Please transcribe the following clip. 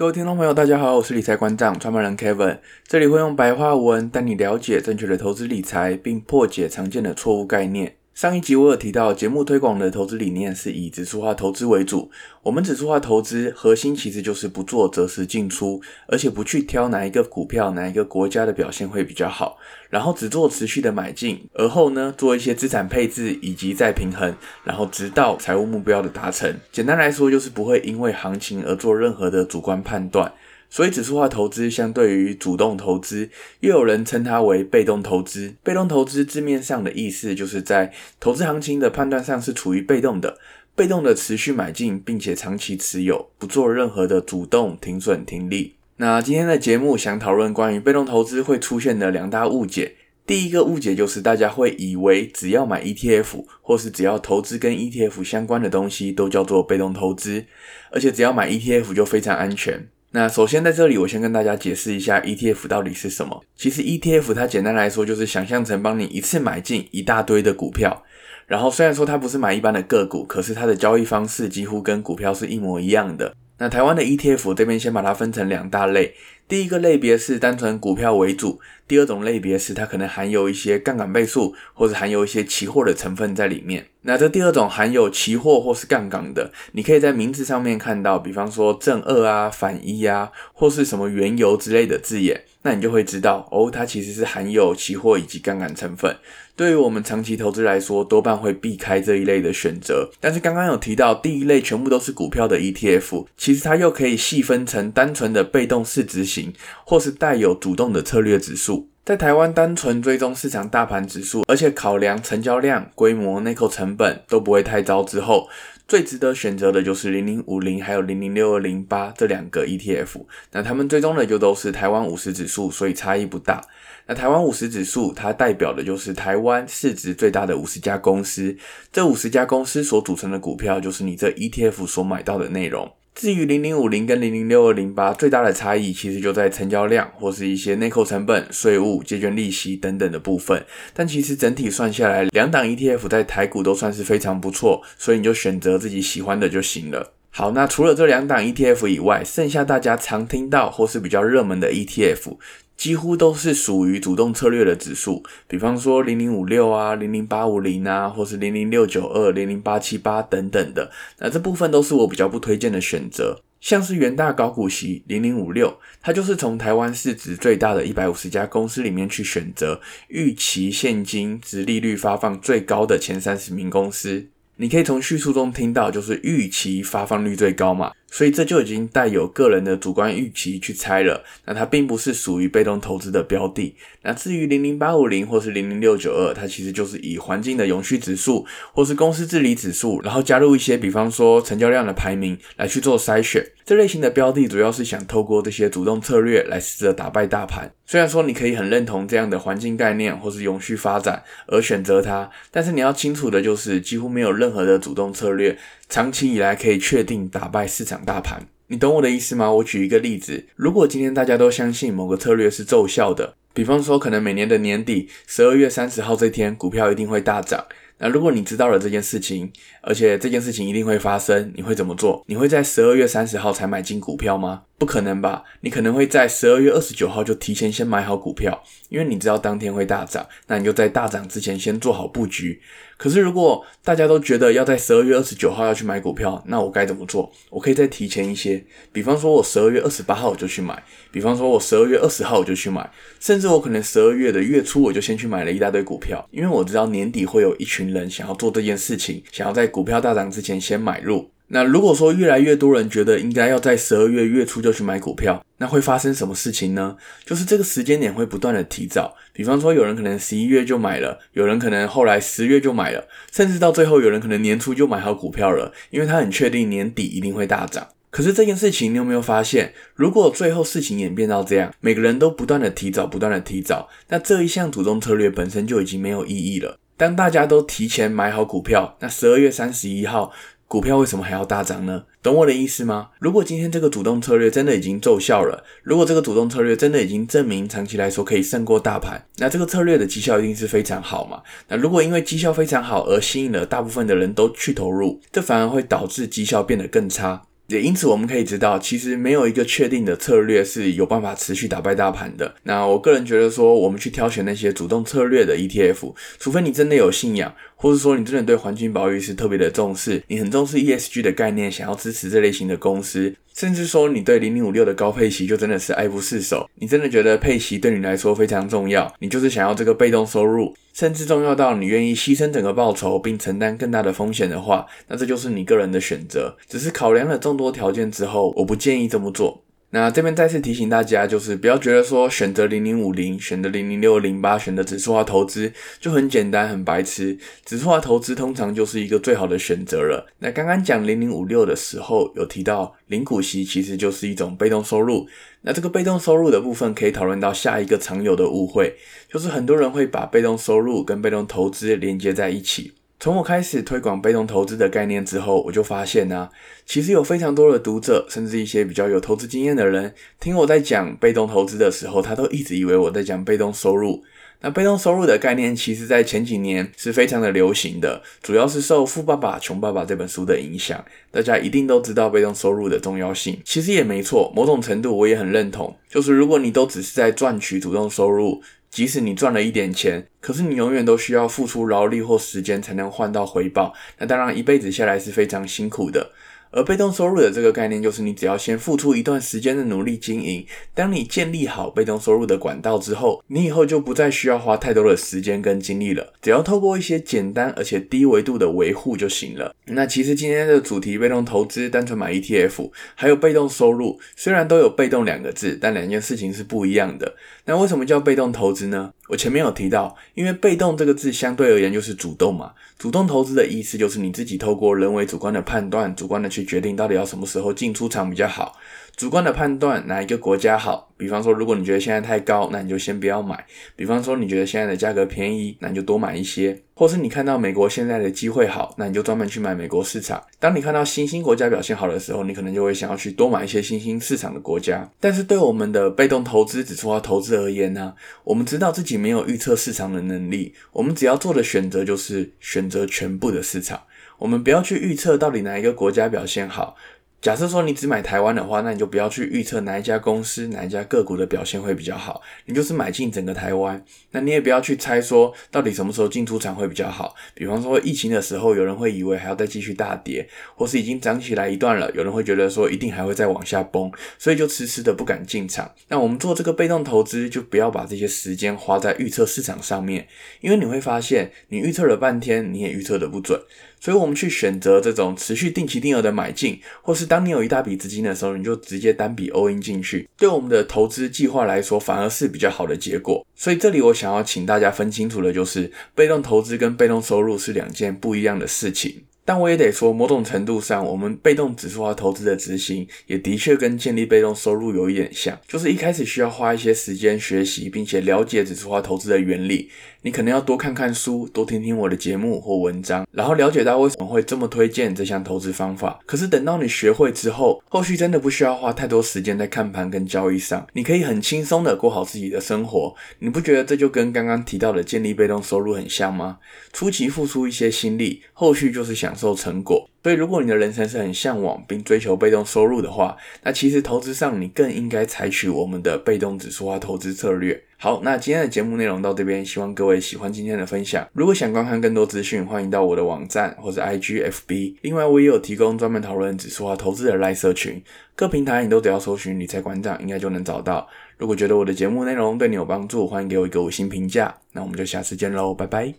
各位聽眾朋友，大家好，我是理財館長創辦人 Kevin，這裡會用白話文帶你了解正確的投資理財，並破解常見的錯誤概念。上一集我有提到，節目推廣的投資理念是以指數化投資為主。我們指數化投資核心其實就是不做擇時進出，而且不去挑哪一個股票、哪一個國家的表現會比較好，然後只做持續的買進，而後呢做一些資產配置以及再平衡，然後直到財務目標的達成。簡單來說，就是不會因為行情而做任何的主觀判斷。所以，指數化投資相對於主動投資，又有人稱它為被動投資。被動投資字面上的意思就是在投資行情的判斷上是處於被動的，被動的持續買進，並且長期持有，不做任何的主動停損停利。那今天的節目想討論關於被動投資會出現的兩大誤解。第一個誤解就是大家會以為只要買 ETF，或是只要投資跟 ETF 相關的東西，都叫做被動投資，而且只要買 ETF 就非常安全。那首先在這裡，我先跟大家解釋一下 ETF 到底是什麼。其實 ETF 它簡單來說，就是想象成幫你一次買進一大堆的股票。然後雖然說它不是買一般的個股，可是它的交易方式幾乎跟股票是一模一樣的。那台灣的 ETF 這邊先把它分成兩大類，第一個類別是單純股票為主。第二種類別是它可能含有一些槓桿倍數，或者含有一些期貨的成分在裡面。那這第二種含有期貨或是槓桿的，你可以在名字上面看到，比方說正二啊、反一啊，或是什麼原油之類的字眼，那你就會知道哦，它其實是含有期貨以及槓桿成分。對於我們長期投資來說，多半會避開這一類的選擇。但是剛剛有提到第一類全部都是股票的 ETF，其實它又可以細分成單純的被動市值型，或是帶有主動的策略指數。在台灣單純追蹤市場大盤指數，而且考量成交量、規模、內扣成本都不會太糟之後，最值得選擇的就是零零五零還有零零六二零八這兩個 ETF。那他們追蹤的就都是台灣五十指數，所以差異不大。那台灣五十指數它代表的就是台灣市值最大的五十家公司，這五十家公司所組成的股票就是你這 ETF 所買到的內容。至於零零五零跟零零六二零八最大的差異，其實就在成交量或是一些內扣成本、稅務、借券利息等等的部分。但其實整體算下來，兩檔 ETF 在台股都算是非常不錯，所以你就選擇自己喜歡的就行了。好，那除了這兩檔 ETF 以外，剩下大家常聽到或是比較熱門的 ETF。幾乎都是屬於主動策略的指數，比方說零零五六啊、零零八五零啊，或是零零六九二、零零八七八等等的。那這部分都是我比較不推薦的選擇，像是元大高股息零零五六，它就是從台灣市值最大的一百五十家公司裡面去選擇預期現金殖利率發放最高的前三十名公司。你可以從敘述中聽到，就是預期發放率最高嘛。所以這就已經帶有個人的主觀預期去猜了，那它並不是屬於被動投資的標的。那至於零零八五零或是零零六九二，它其實就是以環境的永續指數或是公司治理指數，然後加入一些比方說成交量的排名來去做篩選。這類型的標的主要是想透過這些主動策略來試着打敗大盤。雖然說你可以很認同這樣的環境概念或是永續發展而選擇它，但是你要清楚的就是幾乎沒有任何的主動策略長期以來可以確定打敗市場大盤。你懂我的意思嗎？我舉一個例子：如果今天大家都相信某個策略是奏效的，比方說可能每年的年底十二月三十號這天股票一定會大漲，那如果你知道了這件事情。而且這件事情一定會發生，你會怎麼做？你會在十二月三十號才買進股票嗎？不可能吧！你可能會在十二月二十九號就提前先買好股票，因為你知道當天會大漲，那你就在大漲之前先做好佈局。可是如果大家都覺得要在十二月二十九號要去買股票，那我該怎麼做？我可以再提前一些，比方說我十二月二十八號我就去買，比方說我十二月二十號我就去買，甚至我可能十二月的月初我就先去買了一大堆股票，因為我知道年底會有一群人想要做這件事情，想要在。股票大漲之前先買入。那如果說越來越多人覺得應該要在十二月月初就去買股票，那會發生什麼事情呢？就是這個時間點會不斷的提早。比方說有人可能十一月就買了，有人可能後來十月就買了，甚至到最後有人可能年初就買好股票了，因為他很確定年底一定會大漲。可是這件事情你有沒有發現？如果最後事情演變到這樣，每個人都不斷的提早，不斷的提早，那這一項主動策略本身就已經沒有意義了。當大家都提前買好股票，那十二月三十一號股票為什麼還要大漲呢？懂我的意思嗎？如果今天這個主動策略真的已經奏效了，如果這個主動策略真的已經證明長期來說可以勝過大盤，那這個策略的績效一定是非常好嘛。那如果因為績效非常好而吸引了大部分的人都去投入，這反而會導致績效變得更差。也因此，我們可以知道，其實沒有一個確定的策略是有辦法持續打敗大盤的。那我個人覺得說，我們去挑選那些主動策略的 ETF，除非你真的有信仰，或是說你真的對環境保育是特別的重視，你很重視 ESG 的概念，想要支持這類型的公司，甚至說你對零零五六的高配息就真的是愛不釋手。你真的覺得配息對你來說非常重要，你就是想要這個被動收入，甚至重要到你願意犧牲整個報酬並承擔更大的風險的話，那這就是你個人的選擇。只是考量了眾多條件之後，我不建議這麼做。那這邊再次提醒大家，就是不要覺得說選擇零零五零、選擇零零六零八、選擇指數化投資就很簡單、很白痴。指數化投資通常就是一個最好的選擇了。那剛剛講零零五六的時候，有提到零股息其實就是一種被動收入。那這個被動收入的部分，可以討論到下一個常有的誤會，就是很多人會把被動收入跟被動投資連接在一起。從我開始推廣被動投資的概念之後，我就發現呢、啊，其實有非常多的讀者，甚至一些比較有投資經驗的人，聽我在講被動投資的時候，他都一直以為我在講被動收入。那被動收入的概念，其實，在前幾年是非常的流行的，主要是受《富爸爸窮爸爸》這本書的影響。大家一定都知道被動收入的重要性，其實也沒錯，某種程度我也很認同。就是如果你都只是在賺取主動收入，即使你賺了一點錢，可是你永遠都需要付出勞力或時間才能換到回報，那當然一輩子下來是非常辛苦的。而被動收入的這個概念，就是你只要先付出一段時間的努力經營，當你建立好被動收入的管道之後，你以後就不再需要花太多的時間跟精力了，只要透過一些簡單而且低維度的維護就行了。那其實今天的主題，被動投資、單純買 ETF，還有被動收入，雖然都有被動兩個字，但兩件事情是不一樣的。那為什麼叫被動投資呢？我前面有提到，因為被動這個字相對而言就是主動嘛。主動投資的意思就是你自己透過人為主觀的判斷，主觀的去決定到底要什麼時候進出場比較好。主觀的判斷哪一個國家好，比方說，如果你覺得現在太高，那你就先不要買；比方說，你覺得現在的價格便宜，那你就多買一些；或是你看到美國現在的機會好，那你就專門去買美國市場。當你看到新興國家表現好的時候，你可能就會想要去多買一些新興市場的國家。但是，對我們的被動投資指數化投資而言呢、啊，我們知道自己沒有預測市場的能力，我們只要做的選擇就是選擇全部的市場，我們不要去預測到底哪一個國家表現好。假設說你只買台灣的話，那你就不要去預測哪一家公司、哪一家個股的表現會比較好，你就是買進整個台灣。那你也不要去猜說到底什麼時候進出場會比較好。比方說疫情的時候，有人會以為還要再繼續大跌，或是已經漲起來一段了，有人會覺得說一定還會再往下崩，所以就遲遲的不敢進場。那我們做這個被動投資，就不要把這些時間花在預測市場上面，因為你會發現，你預測了半天，你也預測的不準。所以，我們去選擇這種持續定期定額的買進，或是當你有一大筆資金的時候，你就直接單筆歐 n 進去。對我們的投資計劃來說，反而是比較好的結果。所以，這裡我想要請大家分清楚的，就是被動投資跟被動收入是兩件不一樣的事情。但我也得說，某種程度上，我們被動指數化投資的執行也的確跟建立被動收入有一點像，就是一開始需要花一些時間學習，並且了解指數化投資的原理。你可能要多看看書，多聽聽我的節目或文章，然後了解到為什麼會這麼推薦這項投資方法。可是等到你學會之後，後續真的不需要花太多時間在看盤跟交易上，你可以很輕鬆的過好自己的生活。你不覺得這就跟剛剛提到的建立被動收入很像嗎？初期付出一些心力，後續就是想，享受成果，所以如果你的人生是很嚮往並追求被動收入的話，那其實投資上你更應該採取我們的被動指數化投資策略。好，那今天的節目內容到這邊，希望各位喜歡今天的分享。如果想觀看更多資訊，歡迎到我的網站或者 IGFB。另外，我也有提供專門討論指數化投資的 LINE 社群，各平台你都只要搜尋“理財館長”應該就能找到。如果覺得我的節目內容對你有幫助，歡迎給我一個五星評價。那我們就下次見嘍，拜拜。